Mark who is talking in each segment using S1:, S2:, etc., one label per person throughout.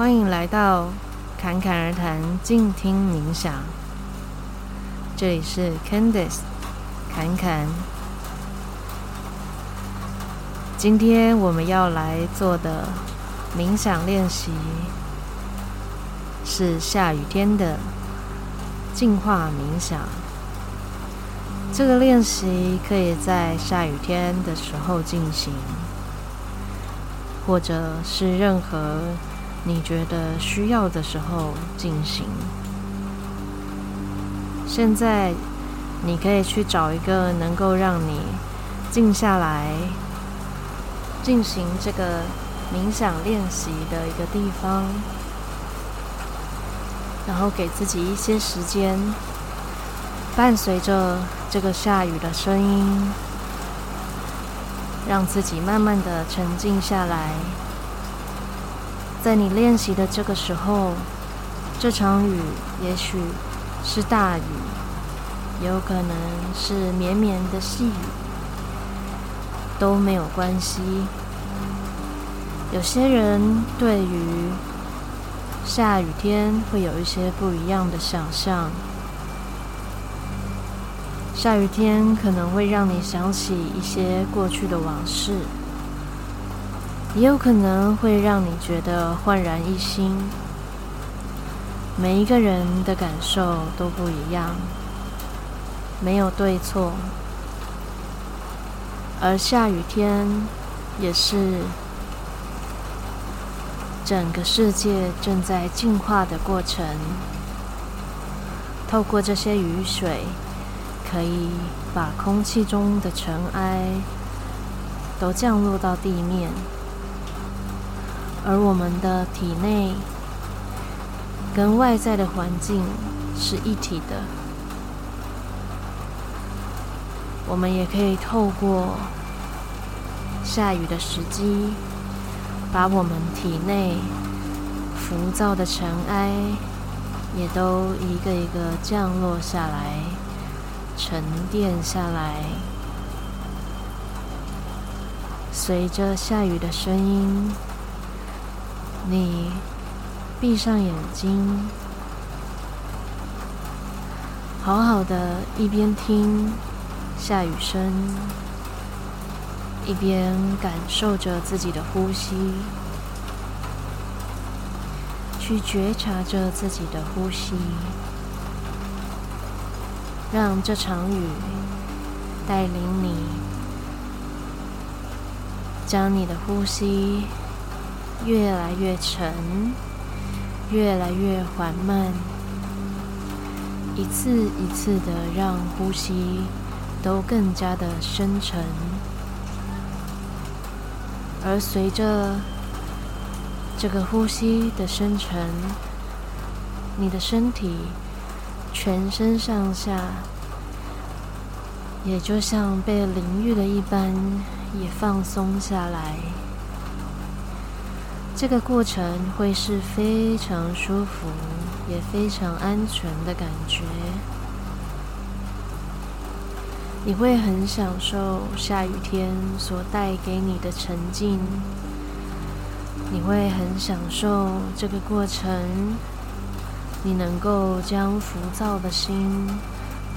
S1: 歡迎來到侃侃而談、靜聽冥想。這裡是 Candice 侃侃。今天我們要來做的冥想練習是下雨天的淨化冥想。這個練習可以在下雨天的時候進行，或者是任何你覺得需要的時候進行。現在，你可以去找一個能夠讓你靜下來、進行這個冥想練習的一個地方，然後給自己一些時間，伴隨着這個下雨的聲音，讓自己慢慢的沉靜下來。在你練習的這個時候，這場雨也許是大雨，也有可能是綿綿的細雨，都沒有關係。有些人對於下雨天會有一些不一樣的想象，下雨天可能會讓你想起一些過去的往事。也有可能會讓你覺得煥然一新。每一個人的感受都不一樣，沒有對錯。而下雨天也是整個世界正在淨化的過程。透過這些雨水，可以把空氣中的塵埃都降落到地面。而我們的體內跟外在的環境是一體的，我們也可以透過下雨的時機，把我們體內浮躁的塵埃也都一個一個降落下來，沉澱下來，隨着下雨的聲音。你閉上眼睛，好好的一邊聽下雨聲，一邊感受着自己的呼吸，去覺察着自己的呼吸，讓這場雨帶領你，將你的呼吸。越來越沉，越來越緩慢，一次一次的讓呼吸都更加的深沉，而隨着這個呼吸的深沉，你的身體全身上下也就像被淋浴的一般，也放鬆下來。這個過程會是非常舒服，也非常安全的感覺。你會很享受下雨天所帶給你的沉靜。你會很享受這個過程，你能夠將浮躁的心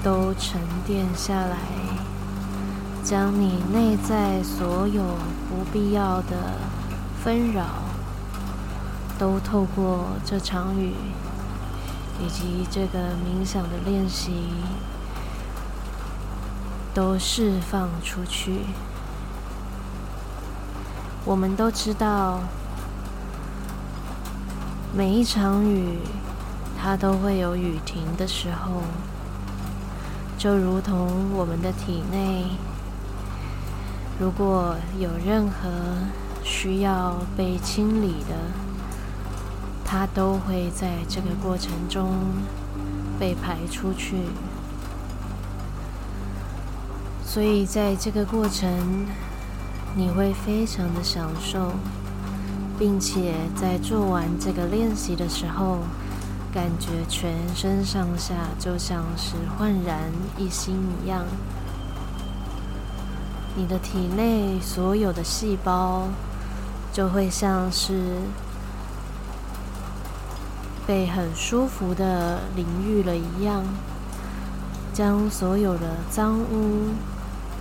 S1: 都沉澱下來，將你內在所有不必要的紛擾。都透過這場雨，以及這個冥想的練習，都釋放出去。我們都知道，每一場雨，它都會有雨停的時候。就如同我們的體內，如果有任何需要被清理的。它都會在這個過程中被排出去，所以在這個過程，你會非常的享受，並且在做完這個練習的時候，感覺全身上下就像是煥然一新一樣。你的體內所有的細胞就會像是。被很舒服的淋浴了一樣，將所有的髒污、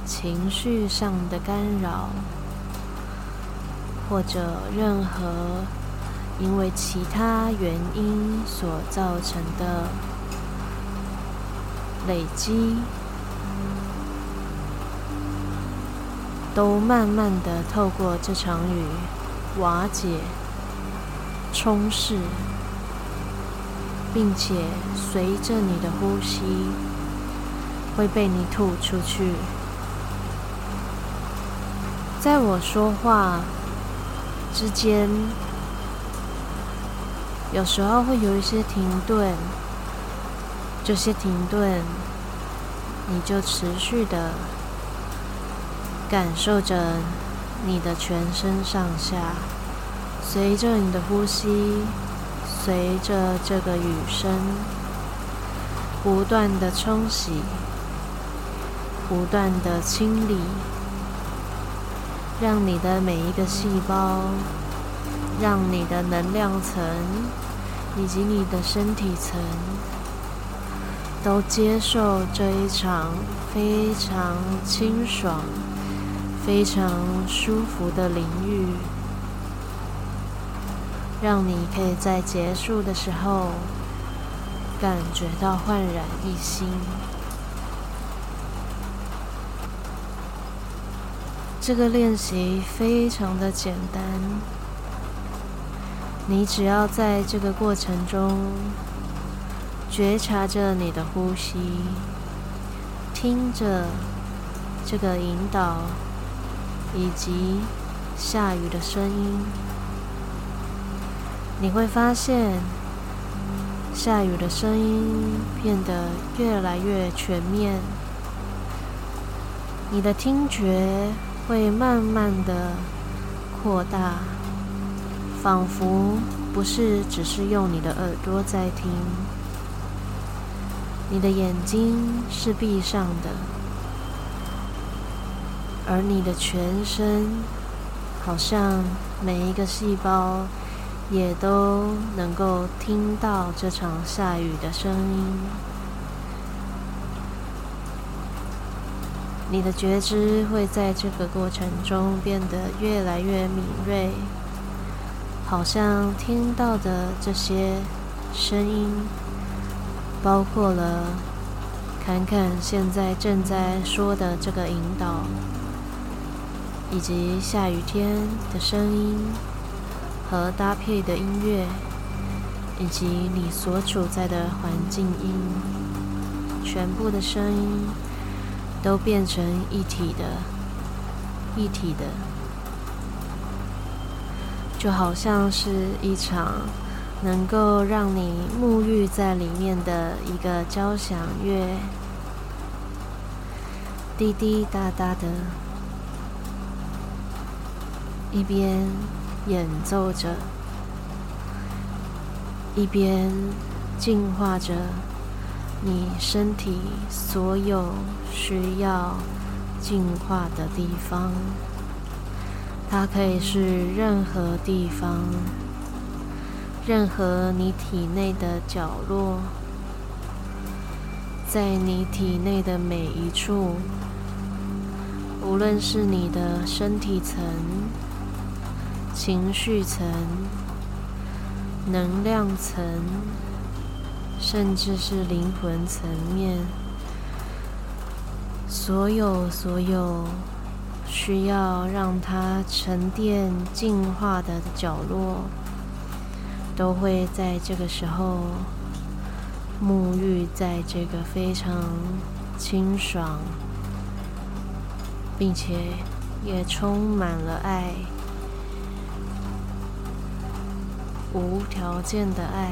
S1: 情緒上的干擾，或者任何因為其他原因所造成的累積，都慢慢的透過這場雨瓦解、沖釋。並且隨着你的呼吸，會被你吐出去。在我說話之間，有時候會有一些停頓，這些停頓，你就持續的感受着你的全身上下，隨着你的呼吸。隨着這個雨聲，不斷的沖洗，不斷的清理，讓你的每一個細胞，讓你的能量層以及你的身體層，都接受這一場非常清爽、非常舒服的淋浴。讓你可以在結束的時候感覺到煥然一新。這個練習非常的簡單，你只要在這個過程中覺察着你的呼吸，聽着這個引導，以及下雨的聲音。你會發現，下雨的聲音變得越來越全面。你的聽覺會慢慢的擴大，仿佛不是只是用你的耳朵在聽。你的眼睛是閉上的，而你的全身好像每一個細胞。也都能夠聽到這場下雨的聲音。你的覺知會在這個過程中變得越來越敏銳，好像聽到的這些聲音，包括了坎坎現在正在說的這個引導，以及下雨天的聲音。和搭配的音樂，以及你所處在的環境音，全部的聲音都變成一體的、一體的，就好像是一場能夠讓你沐浴在裡面的一個交響樂，滴滴答答的，一邊。演奏着，一邊淨化着你身體所有需要淨化的地方。它可以是任何地方，任何你體內的角落，在你體內的每一處，無論是你的身體層。情緒層、能量層，甚至是靈魂層面，所有所有需要讓它沉澱、進化的角落，都會在這個時候沐浴在這個非常清爽，並且也充滿了愛。無條件的愛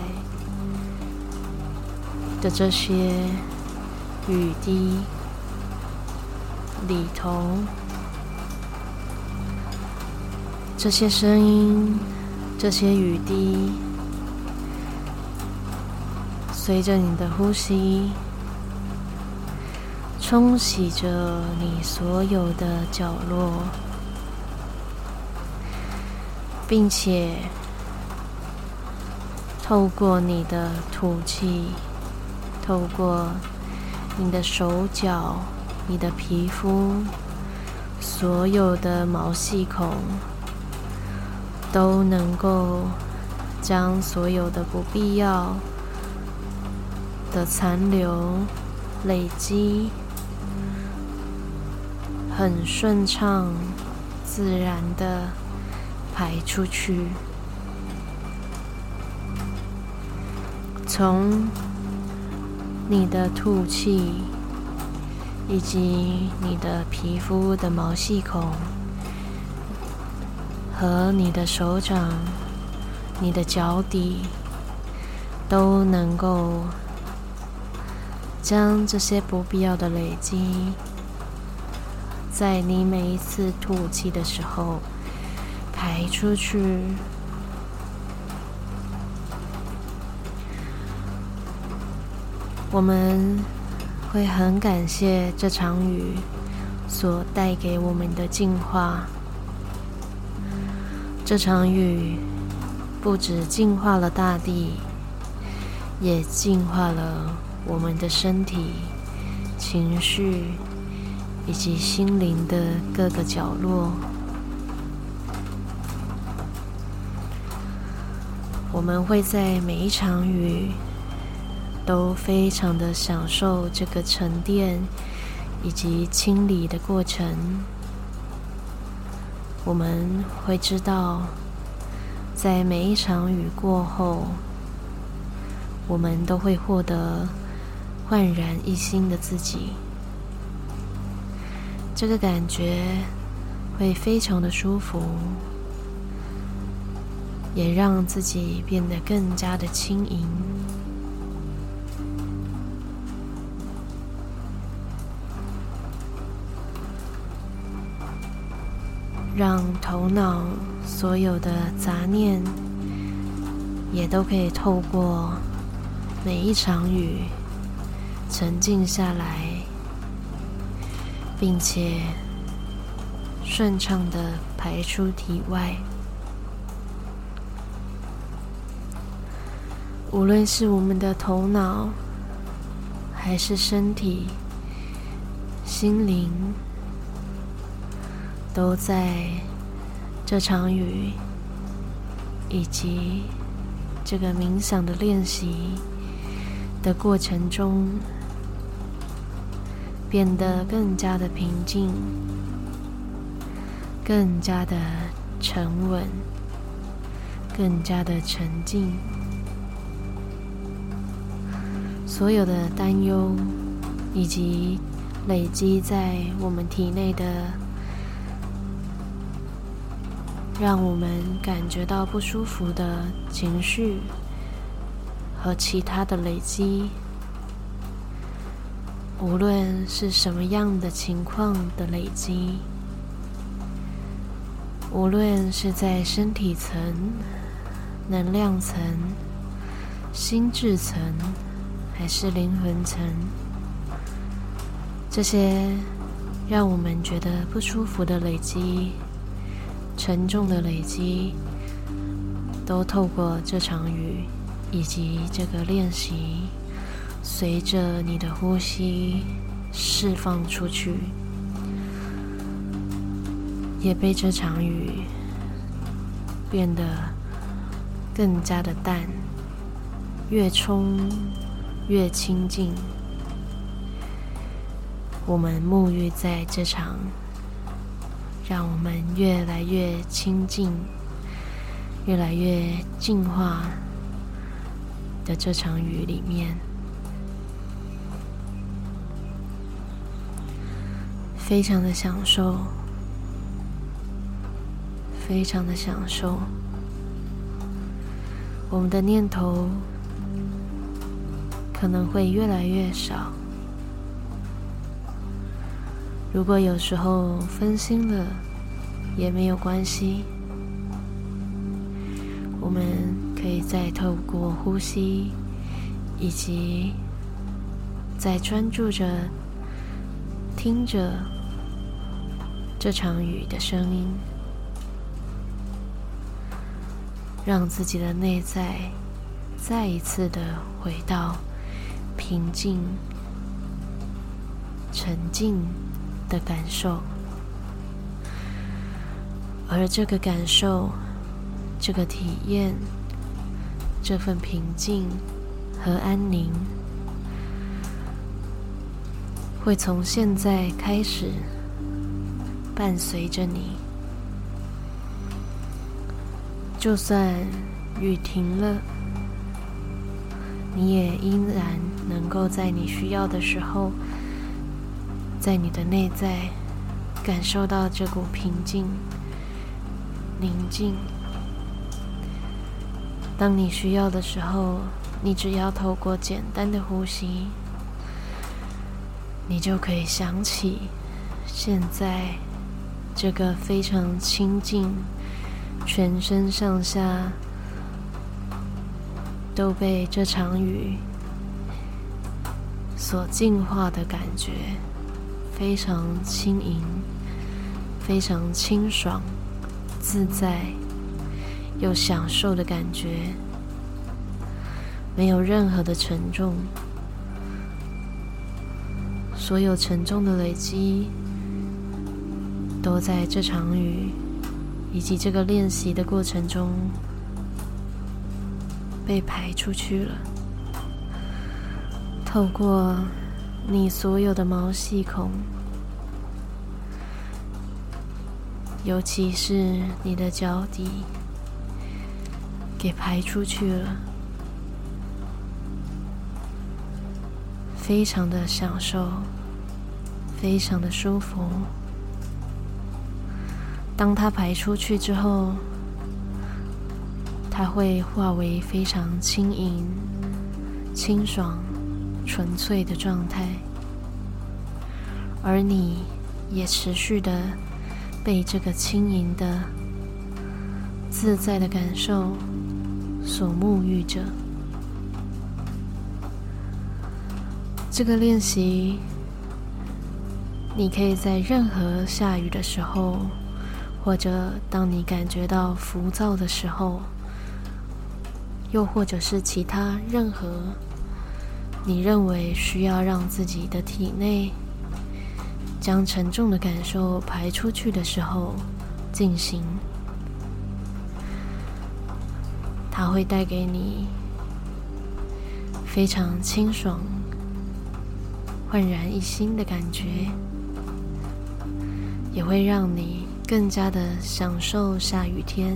S1: 的這些雨滴裡頭，這些聲音，這些雨滴，隨着你的呼吸，沖洗着你所有的角落，並且。透過你的吐氣，透過你的手腳、你的皮膚，所有的毛細孔都能夠將所有的不必要的殘留累積，很順暢、自然的排出去。從你的吐氣，以及你的皮膚的毛細孔和你的手掌、你的腳底，都能夠將這些不必要的累積，在你每一次吐氣的時候排出去。我們會很感謝這場雨所帶給我們的淨化。這場雨不止淨化了大地，也淨化了我們的身體、情緒以及心靈的各個角落。我們會在每一場雨。都非常的享受這個沉澱以及清理的過程。我們會知道，在每一場雨過後，我們都會獲得煥然一新的自己。這個感覺會非常的舒服，也讓自己變得更加的輕盈。讓頭腦所有的雜念，也都可以透過每一場雨沉靜下來，並且順暢的排出體外。無論是我們的頭腦，還是身體、心靈，都在這場雨以及這個冥想的練習的過程中，變得更加的平靜，更加的沉穩，更加的沉靜。所有的擔憂以及累積在我們體內的。讓我們感覺到不舒服的情緒和其他的累積，無論是什麼樣的情況的累積，無論是在身體層、能量層、心智層還是靈魂層，這些讓我們覺得不舒服的累積。沉重的累積，都透過這場雨，以及這個練習，隨着你的呼吸釋放出去，也被這場雨變得更加的淡，越沖越清淨。我們沐浴在這場。讓我們越來越清淨，越來越淨化的這場雨裡面，非常的享受，非常的享受，我們的念頭可能會越來越少。如果有時候分心了，也沒有關係，我們可以再透過呼吸，以及再專注着聽着這場雨的聲音，讓自己的內在再一次的回到平靜、沉靜。的感受，而這個感受、這個體驗、這份平靜和安寧，會從現在開始伴隨着你。就算雨停了，你也依然能夠在你需要的時候。在你的內在感受到這股平靜、寧靜。當你需要的時候，你只要透過簡單的呼吸，你就可以想起現在這個非常清淨，全身上下都被這場雨所淨化的感覺。非常輕盈，非常清爽、自在又享受的感覺，沒有任何的沉重。所有沉重的累積，都在這場雨以及這個練習的過程中被排出去了。透過，你所有的毛細孔，尤其是你的腳底，給排出去了，非常的享受，非常的舒服。當它排出去之後，它會化為非常輕盈、清爽，純粹的狀態，而你也持續地被這個輕盈的、自在的感受所沐浴着。這個練習，你可以在任何下雨的時候，或者當你感覺到浮躁的時候，又或者是其他任何。你認為需要讓自己的體內將沉重的感受排出去的時候進行，它會帶給你非常清爽、煥然一新的感覺，也會讓你更加的享受下雨天，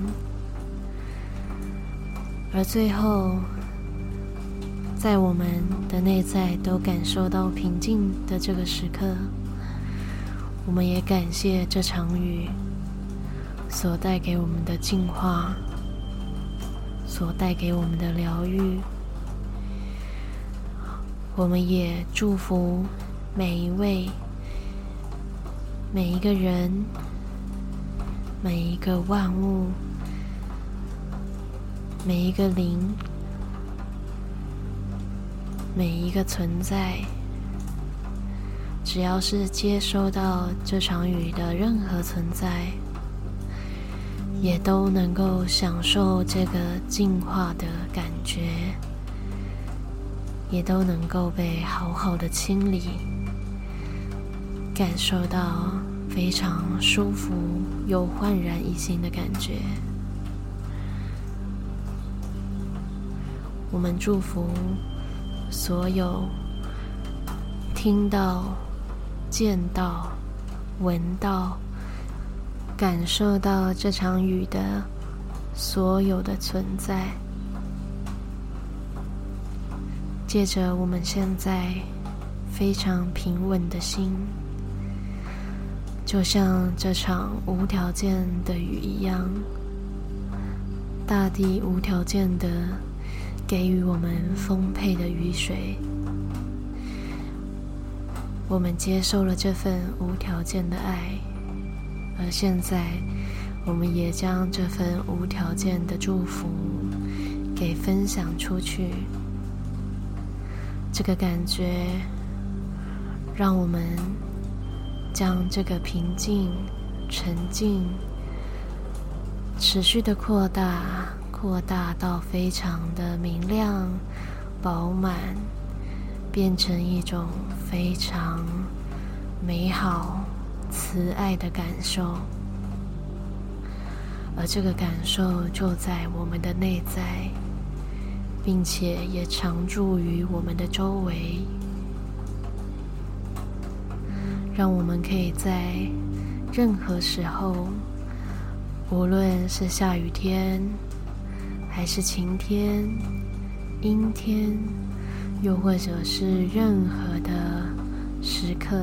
S1: 而最後。在我們的內在都感受到平靜的這個時刻，我們也感謝這場雨所帶給我們的淨化，所帶給我們的療癒。我們也祝福每一位、每一個人、每一個萬物、每一個靈。每一個存在，只要是接收到這場雨的任何存在，也都能夠享受這個淨化的感覺，也都能夠被好好的清理，感受到非常舒服又煥然一新的感覺。我們祝福，所有聽到、見到、聞到、感受到這場雨的所有的存在，借着我們現在非常平穩的心，就像這場無條件的雨一樣，大地無條件的。給予我們豐沛的雨水，我們接受了這份無條件的愛，而現在，我們也將這份無條件的祝福給分享出去。這個感覺，讓我們將這個平靜、沉靜、持續地擴大。擴大到非常的明亮、飽滿，變成一種非常美好、慈愛的感受。而這個感受就在我們的內在，並且也常駐於我們的周圍，讓我們可以在任何時候，無論是下雨天，還是晴天、陰天，又或者是任何的時刻，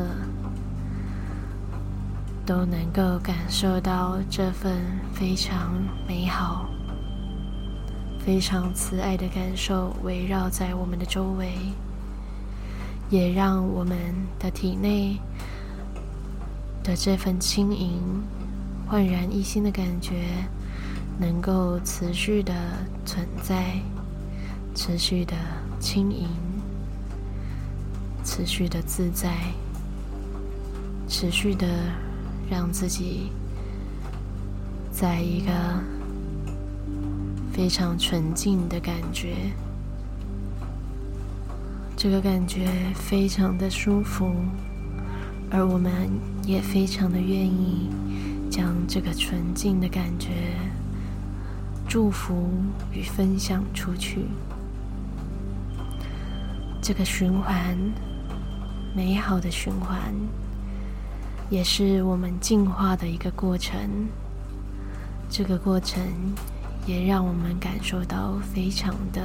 S1: 都能夠感受到這份非常美好、非常慈愛的感受圍繞在我們的周圍，也讓我們的體內的這份輕盈、煥然一新的感覺。能夠持續的存在，持續的輕盈，持續的自在，持續的讓自己在一個非常純淨的感覺。這個感覺非常的舒服，而我們也非常的願意將這個純淨的感覺。祝福與分享出去，這個循環，美好的循環，也是我們進化的一個過程。這個過程也讓我們感受到非常的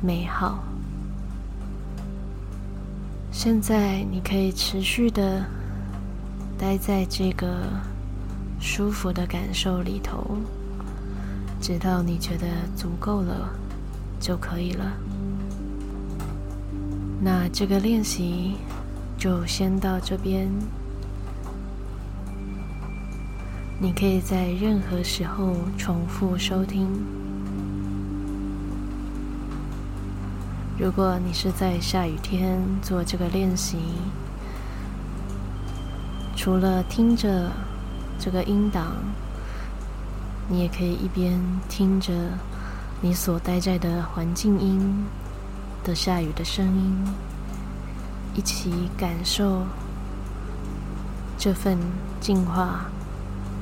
S1: 美好。現在你可以持續的待在這個舒服的感受裡頭。直到你覺得足夠了，就可以了。那這個練習就先到這邊。你可以在任何時候重複收聽。如果你是在下雨天做這個練習，除了聽着這個音檔。你也可以一邊聽着你所待在的環境音的下雨的聲音，一起感受這份淨化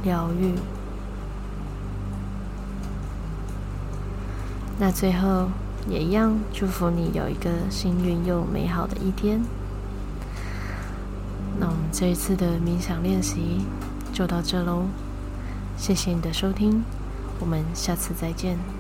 S1: 療癒。那最後也一樣祝福你有一個幸運又美好的一天。那我們這一次的冥想練習就到這嘍。謝謝你的收聽，我們下次再見。